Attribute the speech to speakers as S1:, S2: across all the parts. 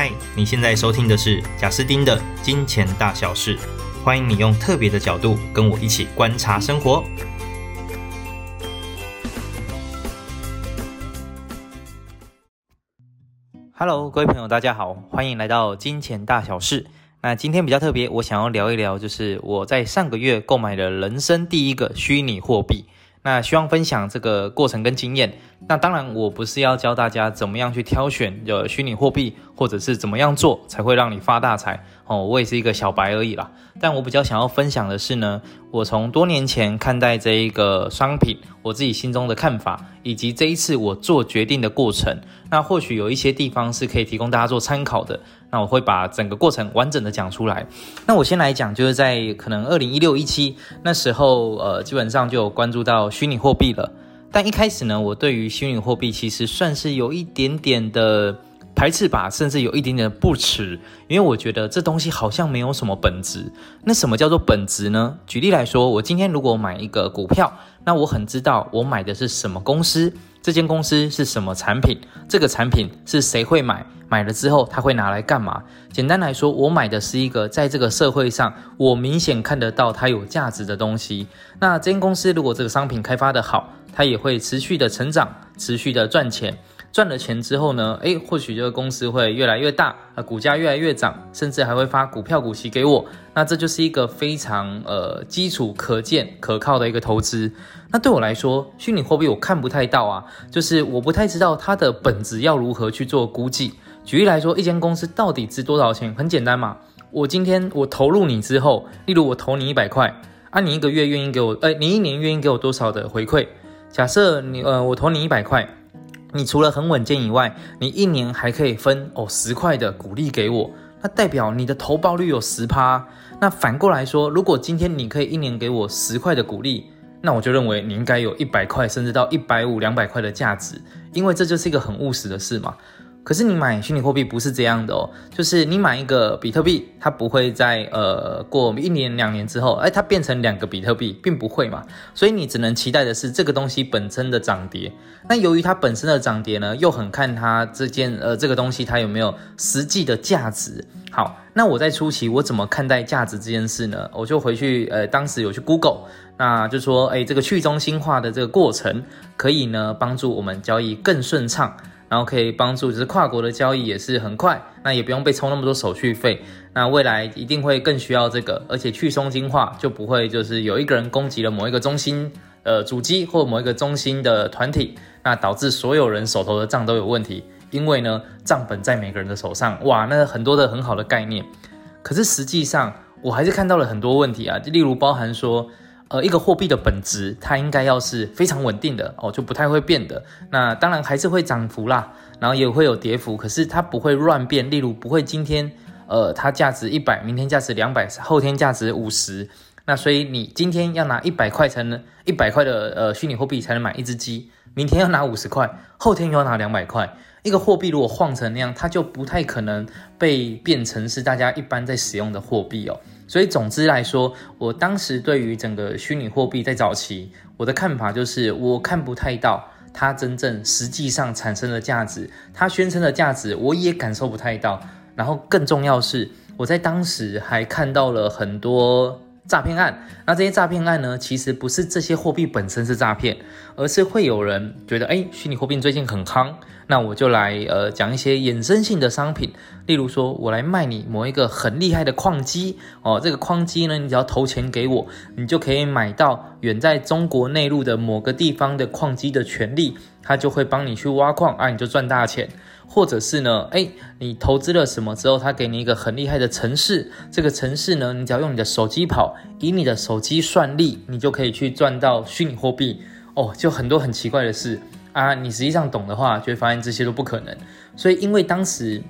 S1: 嗨，Hi, 你現在收聽的是賈斯丁的《金錢大小事》，歡迎你用特別的角度跟我一起觀察生活。Hello，各位朋友，大家好，歡迎來到《金錢大小事》。那今天比較特別，我想要聊一聊，就是我在上個月購買了人生第一個虛擬貨幣。那希望分享這個過程跟經驗。那當然，我不是要教大家怎麼樣去挑選的虛擬貨幣。或者是怎麼樣做才會讓你發大財哦？我也是一個小白而已啦。但我比較想要分享的是呢，我從多年前看待這一個商品，我自己心中的看法，以及這一次我做決定的過程。那或許有一些地方是可以提供大家做參考的。那我會把整個過程完整的講出來。那我先來講，就是在可能二零一六一七那時候，呃，基本上就有關注到虛擬貨幣了。但一開始呢，我對於虛擬貨幣其實算是有一點點的。排斥吧，甚至有一點點不恥，因為我覺得這東西好像沒有什麼本質。那什麼叫做本質呢？舉例來說，我今天如果買一個股票，那我很知道我買的是什麼公司，這間公司是什麼產品，這個產品是誰會買，買了之後他會拿來幹嘛？簡單來說，我買的是一個在這個社會上我明顯看得到它有價值的東西。那這間公司如果這個商品開發得好，它也會持續的成長，持續的賺錢。賺了錢之後呢？誒，或許這個公司會越來越大，呃，股價越來越漲，甚至還會發股票股息給我。那這就是一個非常呃基礎、可見、可靠的一個投資。那對我來說，虛擬貨幣我看不太到啊，就是我不太知道它的本質要如何去做估計。舉例來說，一間公司到底值多少錢？很簡單嘛，我今天我投入你之後，例如我投你一百塊，啊，你一個月願意給我，誒、呃，你一年願意給我多少的回饋？假設你呃，我投你一百塊。你除了很穩健以外，你一年還可以分哦十塊的股利給我，那代表你的投報率有十趴啊。那反過來說，如果今天你可以一年給我十塊的股利，那我就認為你應該有一百塊，甚至到一百五、兩百塊的價值，因為這就是一個很務實的事嘛。可是你買虛擬貨幣不是這樣的哦，就是你買一個比特幣，它不會再呃過一年兩年之後，哎、欸，它變成兩個比特幣，並不會嘛。所以你只能期待的是這個東西本身的漲跌。那由於它本身的漲跌呢，又很看它這件呃這個東西它有沒有實際的價值。好，那我在初期我怎麼看待價值這件事呢？我就回去呃、欸、當時有去 Google，那就說哎、欸、這個去中心化的這個過程可以呢幫助我們交易更順暢。然後可以幫助，就是跨國的交易也是很快，那也不用被抽那麼多手續費，那未來一定會更需要這個，而且去中心化就不會就是有一個人攻擊了某一個中心，呃，主機或某一個中心的團體，那導致所有人手頭的賬都有問題，因為呢，賬本在每個人的手上，哇，那很多的很好的概念，可是實際上我還是看到了很多問題啊，例如包含說，呃，一個貨幣的本質，它應該要是非常穩定的哦，就不太會變的。那當然還是會漲幅啦，然後也會有跌幅，可是它不會亂變。例如，不會今天，呃，它價值一百，明天價值兩百，後天價值五十。那所以你今天要拿一百塊才能一百塊的呃虛擬貨幣才能買一隻雞，明天要拿五十塊，後天又要拿兩百塊。一個貨幣如果晃成那樣，它就不太可能被變成是大家一般在使用的貨幣哦。所以，總之來說，我當時對於整個虛擬貨幣在早期我的看法就是，我看不太到它真正實際上產生的價值，它宣稱的價值我也感受不太到。然後，更重要是，我在當時還看到了很多詐騙案。那這些詐騙案呢，其實不是這些貨幣本身是詐騙，而是會有人覺得，哎，虛擬貨幣最近很夯。那我就來呃講一些衍生性的商品，例如說，我來賣你某一個很厲害的礦機哦，這個礦機呢，你只要投錢給我，你就可以買到遠在中國內陸的某個地方的礦機的權利，它就會幫你去挖礦啊，你就賺大錢。或者是呢，誒，你投資了什麼之後，它給你一個很厲害的程式，這個程式呢，你只要用你的手機跑，以你的手機算力，你就可以去賺到虛擬貨幣哦，就很多很奇怪的事。啊，你實際上懂的話，就會發現這些都不可能。所以，因為當時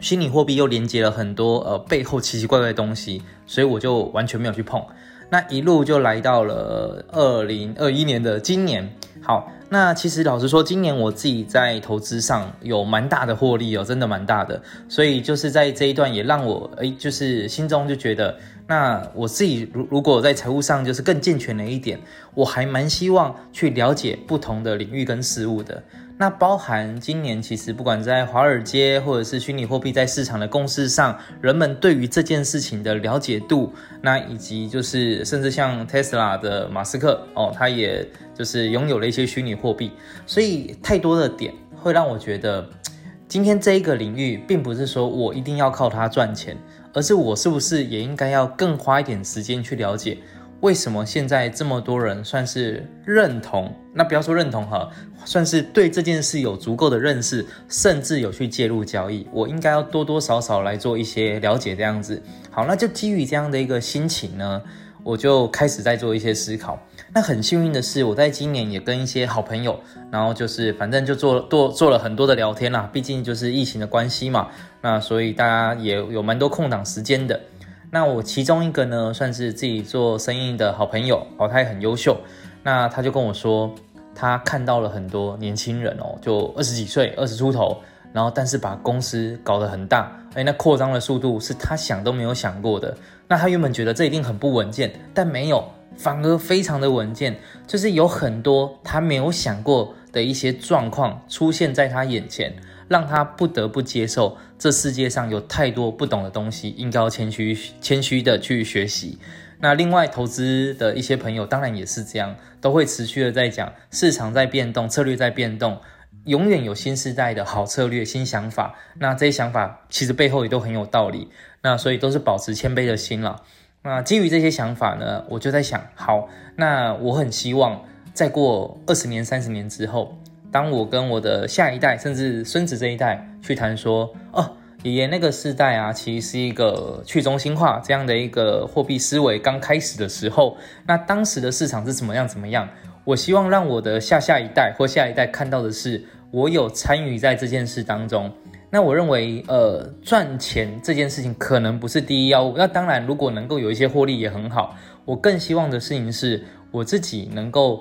S1: 虛擬貨幣又連接了很多呃背後奇奇怪怪的東西，所以我就完全沒有去碰。那一路就來到了二零二一年的今年。好，那其實老實說，今年我自己在投資上有蠻大的獲利哦，真的蠻大的。所以就是在這一段也讓我哎，就是心中就覺得。那我自己如如果，在財務上就是更健全的一點，我還蠻希望去了解不同的領域跟事物的。那包含今年其實不管在華爾街或者是虛擬貨幣在市場的共識上，人們對於這件事情的了解度，那以及就是甚至像特斯拉的馬斯克哦，他也就是擁有了一些虛擬貨幣，所以太多的點會讓我覺得。今天這一個領域，並不是說我一定要靠它賺錢，而是我是不是也應該要更花一點時間去了解，為什麼現在這麼多人算是認同？那不要說認同哈，算是對這件事有足夠的認識，甚至有去介入交易，我應該要多多少少來做一些了解這樣子。好，那就基於這樣的一個心情呢。我就開始在做一些思考。那很幸運的是，我在今年也跟一些好朋友，然後就是反正就做了做做了很多的聊天啦。畢竟就是疫情的關係嘛，那所以大家也有蠻多空檔時間的。那我其中一個呢，算是自己做生意的好朋友，哦，他也很優秀。那他就跟我說，他看到了很多年輕人哦、喔，就二十幾歲，二十出頭。然後，但是把公司搞得很大，誒，那擴張的速度是他想都沒有想過的。那他原本覺得這一定很不穩健，但沒有，反而非常的穩健。就是有很多他沒有想過的一些狀況出現在他眼前，讓他不得不接受這世界上有太多不懂的東西，應該要謙虛、謙虛的去學習。那另外投資的一些朋友，當然也是這樣，都會持續的在講市場在變動，策略在變動。永遠有新世代的好策略，新想法，那這些想法其實背後也都很有道理，那所以都是保持謙卑的心啦。那基於這些想法呢，我就在想，好，那我很希望再過二十年、三十年之後，當我跟我的下一代，甚至孫子這一代去談說，哦，爺爺那個世代啊，其實是一個去中心化這樣的一個貨幣思維剛開始的時候，那當時的市場是怎麼樣？怎麼樣？我希望讓我的下下一代或下一代看到的是，我有參與在這件事當中。那我認為，呃，賺錢這件事情可能不是第一要務。那當然，如果能夠有一些獲利也很好。我更希望的事情是，我自己能夠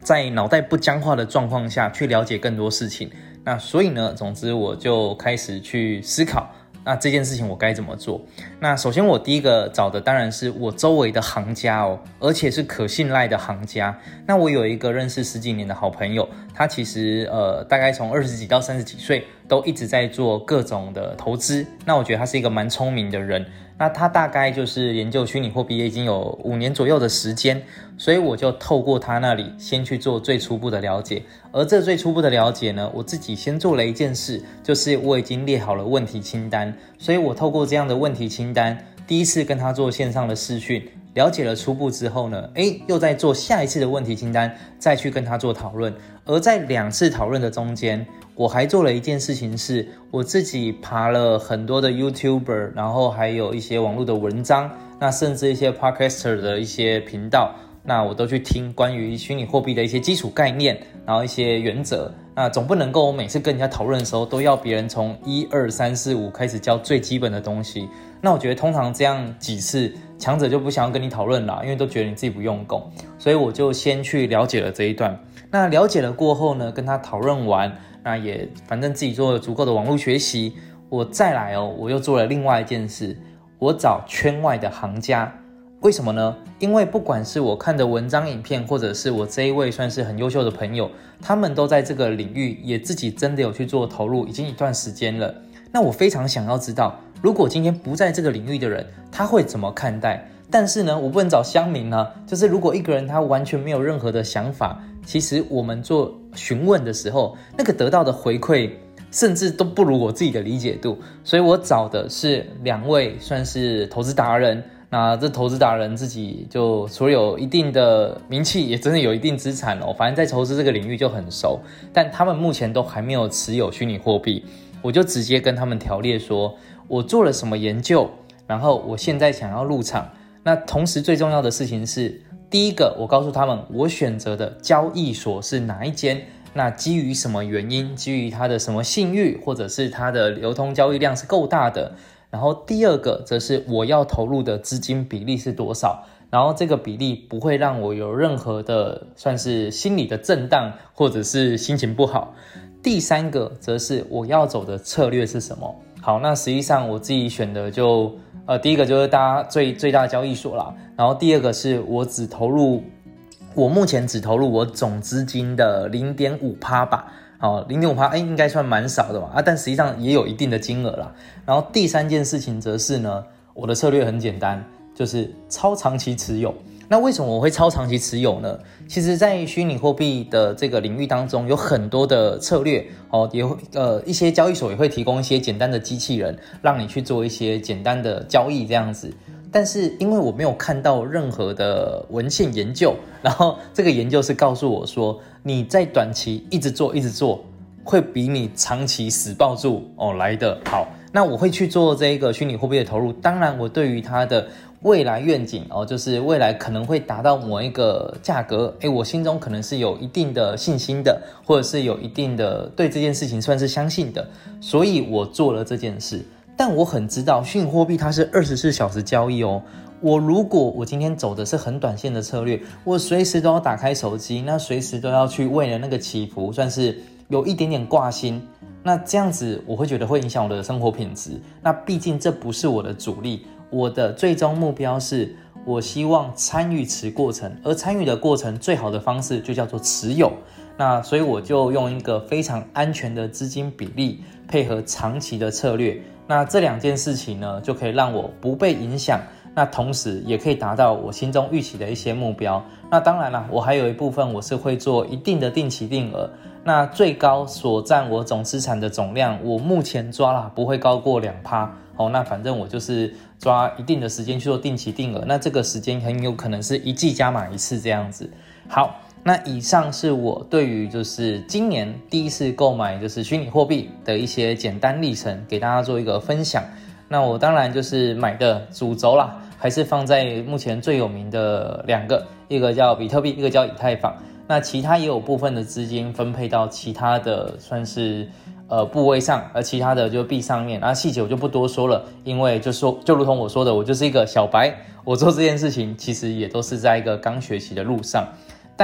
S1: 在腦袋不僵化的狀況下去了解更多事情。那所以呢，總之我就開始去思考。那這件事情我該怎麼做？那首先我第一個找的當然是我周圍的行家哦，而且是可信賴的行家。那我有一個認識十幾年的好朋友，他其實呃大概從二十幾到三十幾歲都一直在做各種的投資。那我覺得他是一個蠻聰明的人。那他大概就是研究虛擬貨幣也已經有五年左右的時間，所以我就透過他那裡先去做最初步的了解。而這最初步的了解呢，我自己先做了一件事，就是我已經列好了問題清單，所以我透過這樣的問題清單，第一次跟他做線上的視訊。了解了初步之後呢，誒，又在做下一次的問題清單，再去跟他做討論。而在兩次討論的中間，我還做了一件事情是，是我自己爬了很多的 YouTuber，然後還有一些網絡的文章，那甚至一些 Podcaster 的一些頻道，那我都去聽關於虛擬貨幣的一些基礎概念，然後一些原則。那總不能夠，我每次跟人家討論的時候，都要別人從一二三四五開始教最基本的東西。那我覺得通常這樣幾次，強者就不想要跟你討論了，因為都覺得你自己不用功。所以我就先去了解了這一段。那了解了過後呢，跟他討論完，那也反正自己做了足夠的網絡學習，我再來哦，我又做了另外一件事，我找圈外的行家。為什麼呢？因為不管是我看的文章、影片，或者是我這一位算是很優秀的朋友，他們都在這個領域也自己真的有去做投入，已經一段時間了。那我非常想要知道，如果今天不在這個領域的人，他會怎麼看待？但是呢，我不能找鄉民啊，就是如果一個人他完全沒有任何的想法，其實我們做詢問的時候，那個得到的回饋，甚至都不如我自己的理解度。所以我找的是兩位算是投資達人。那這投資達人自己就除了有一定的名氣，也真的有一定資產哦。反正，在投資這個領域就很熟，但他們目前都還沒有持有虛擬貨幣。我就直接跟他們條列說，我做了什麼研究，然後我現在想要入場。那同時最重要的事情是，第一個，我告訴他們我選擇的交易所是哪一間，那基於什麼原因，基於它的什麼信譽，或者是它的流通交易量是夠大的。然後第二個則是我要投入的資金比例是多少，然後這個比例不會讓我有任何的算是心理的震盪或者是心情不好。第三個則是我要走的策略是什麼？好，那實際上我自己選的就，呃，第一個就是大家最最大的交易所啦，然後第二個是我只投入，我目前只投入我總資金的零點五趴吧。好，零點五趴，哎、欸，應該算蠻少的吧？啊，但實際上也有一定的金額啦。然後第三件事情則是呢，我的策略很簡單，就是超長期持有。那為什麼我會超長期持有呢？其實，在虛擬貨幣的這個領域當中，有很多的策略，哦，也會，呃，一些交易所也會提供一些簡單的機器人，讓你去做一些簡單的交易，這樣子。但是因為我沒有看到任何的文獻研究，然後這個研究是告訴我說，你在短期一直做一直做，會比你長期死抱住哦來得好。那我會去做這個虛擬貨幣的投入。當然，我對於它的未來願景哦，就是未來可能會達到某一個價格，誒，我心中可能是有一定的信心的，或者是有一定的對這件事情算是相信的，所以我做了這件事。但我很知道，虛擬貨幣它是二十四小時交易哦，我如果我今天走的是很短線的策略，我隨時都要打開手機，那隨時都要去為了那個起伏，算是有一點點掛心。那這樣子我會覺得會影響我的生活品質。那畢竟這不是我的主力，我的最終目標是我希望參與此過程，而參與的過程最好的方式就叫做持有。那所以我就用一個非常安全的資金比例，配合長期的策略。那這兩件事情呢，就可以讓我不被影響，那同時也可以達到我心中預期的一些目標。那當然啦、啊，我還有一部分我是會做一定的定期定額，那最高所占我總資產的總量，我目前抓了不會高過兩趴。哦，那反正我就是抓一定的時間去做定期定額，那這個時間很有可能是一季加碼一次這樣子。好。那以上是我對於就是今年第一次購買就是虛擬貨幣的一些簡單歷程，給大家做一個分享。那我當然就是買的主軸啦，還是放在目前最有名的兩個，一個叫比特幣，一個叫以太坊。那其他也有部分的資金分配到其他的算是呃部位上，而其他的就是幣上面。那細節我就不多說了，因為就說就如同我說的，我就是一個小白，我做這件事情其實也都是在一個剛學習的路上。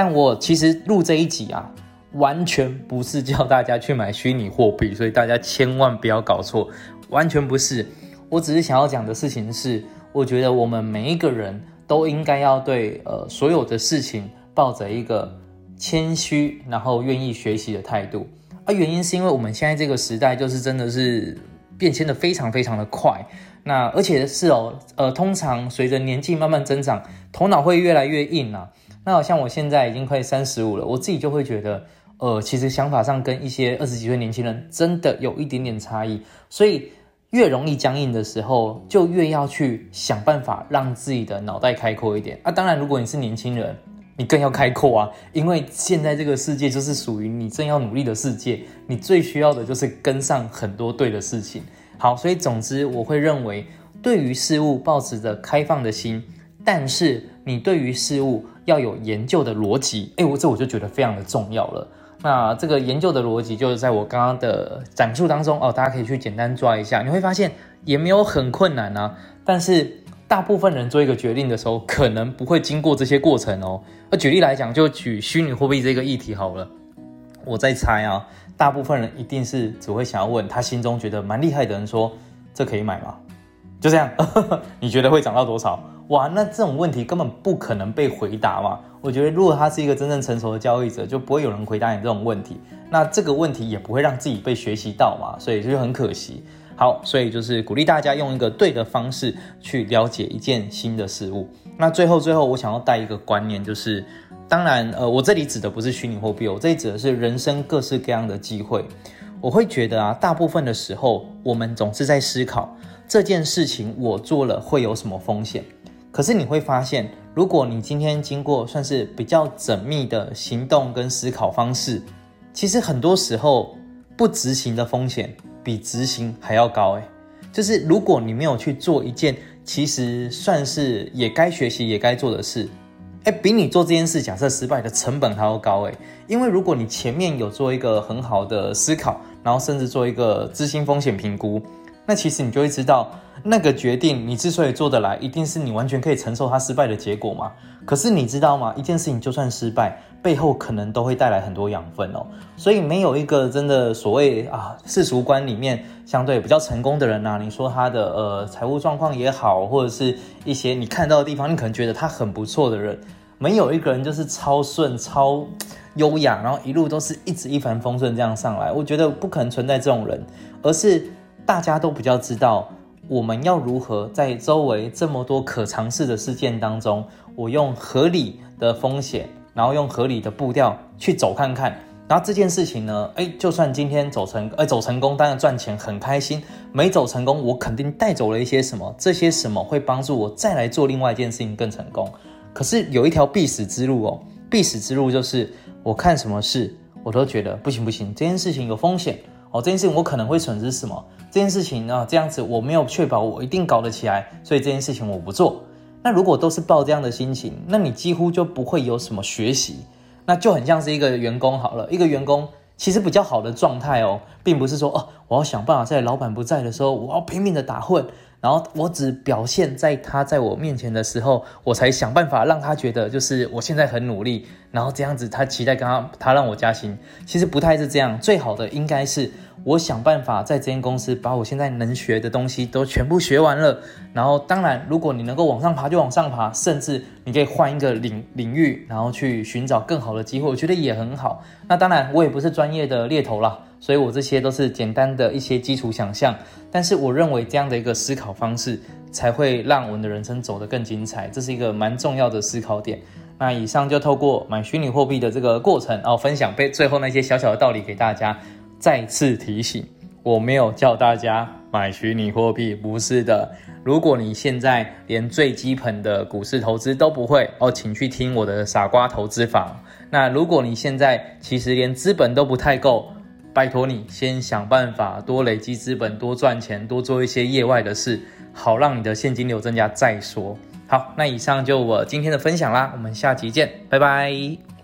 S1: 但我其實錄這一集啊，完全不是叫大家去買虛擬貨幣，所以大家千萬不要搞錯，完全不是。我只是想要講的事情是，我覺得我們每一個人都應該要對呃所有的事情抱着一個謙虛，然後願意學習的態度。啊，原因是因為我們現在這個時代就是真的是變遷的非常非常的快。那而且是哦，呃，通常隨着年紀慢慢增長，頭腦會越來越硬啊。那好像我現在已經快三十五了，我自己就會覺得，呃，其實想法上跟一些二十幾歲年輕人真的有一點點差異，所以越容易僵硬的時候，就越要去想辦法讓自己的腦袋開闊一點。啊，當然，如果你是年輕人，你更要開闊啊，因為現在這個世界就是屬於你正要努力的世界，你最需要的就是跟上很多對的事情。好，所以總之，我會認為對於事物抱持着開放的心，但是。你對於事物要有研究的邏輯，哎、欸，我這我就覺得非常的重要了。那這個研究的邏輯就是在我剛剛的闡述當中哦，大家可以去簡單抓一下，你會發現也沒有很困難啊。但是大部分人做一個決定的時候，可能不會經過這些過程哦。那舉例來講，就舉虛擬貨幣這個議題好了。我在猜啊，大部分人一定是只會想要問他心中覺得蠻厲害的人說，這可以買嗎？就這樣呵呵，你覺得會漲到多少？哇，那這種問題根本不可能被回答嘛。我覺得，如果他是一個真正成熟的交易者，就不會有人回答你這種問題。那這個問題也不會讓自己被學習到嘛，所以就很可惜。好，所以就是鼓勵大家用一個對的方式去了解一件新的事物。那最後，最後我想要帶一個觀念，就是當然，呃，我這裡指的不是虛擬貨幣，我這裡指的是人生各式各樣的機會。我會覺得啊，大部分的時候，我們總是在思考。這件事情我做了會有什麼風險？可是你會發現，如果你今天經過算是比較縝密的行動跟思考方式，其實很多時候不執行的風險比執行還要高。哎，就是如果你沒有去做一件其實算是也該學習也該做的事，哎，比你做這件事假設失敗的成本還要高。哎，因為如果你前面有做一個很好的思考，然後甚至做一個資金風險評估。那其實你就會知道，那個決定你之所以做得來，一定是你完全可以承受他失敗的結果嘛。可是你知道嗎？一件事情就算失敗，背後可能都會帶來很多養分哦。所以沒有一個真的所謂啊世俗觀裡面相對比較成功的人吶、啊，你說他的呃財務狀況也好，或者是一些你看到的地方，你可能覺得他很不錯的人，沒有一個人就是超順超優雅，然後一路都是一直一帆風順這樣上來，我覺得不可能存在這種人，而是。大家都比較知道，我們要如何在周圍這麼多可嘗試的事件當中，我用合理的風險，然後用合理的步調去走看看。然後這件事情呢，哎，就算今天走成，哎，走成功，當然賺錢很開心。沒走成功，我肯定帶走了一些什麼，這些什麼會幫助我再來做另外一件事情更成功。可是有一條必死之路哦，必死之路就是我看什麼事，我都覺得不行不行，這件事情有風險。哦，這件事情我可能會損失什麼？這件事情啊，這樣子我沒有確保我一定搞得起來，所以這件事情我不做。那如果都是抱這樣的心情，那你幾乎就不會有什麼學習，那就很像是一個員工好了。一個員工其實比較好的狀態哦，並不是說哦，我要想辦法在老板不在的時候，我要拼命的打混，然後我只表現在他在我面前的時候，我才想辦法讓他覺得就是我現在很努力。然後這樣子，他期待跟他，他讓我加薪，其實不太是這樣。最好的應該是，我想辦法在這間公司把我現在能學的東西都全部學完了。然後，當然，如果你能夠往上爬就往上爬，甚至你可以換一個領領域，然後去尋找更好的機會，我覺得也很好。那當然，我也不是專業的獵頭啦，所以我這些都是簡單的一些基礎想象。但是我認為這樣的一個思考方式，才會讓我們的人生走得更精彩，這是一個蠻重要的思考點。那以上就透過買虛擬貨幣的這個過程，哦，分享被最後那些小小的道理給大家。再次提醒，我沒有叫大家買虛擬貨幣，不是的。如果你現在連最基本的股市投資都不會，哦，請去聽我的傻瓜投資法。那如果你現在其實連資本都不太夠，拜託你先想辦法多累積資本，多賺錢，多做一些業外的事，好讓你的現金流增加，再說。好，那以上就我今天的分享啦，我們下期見，拜拜。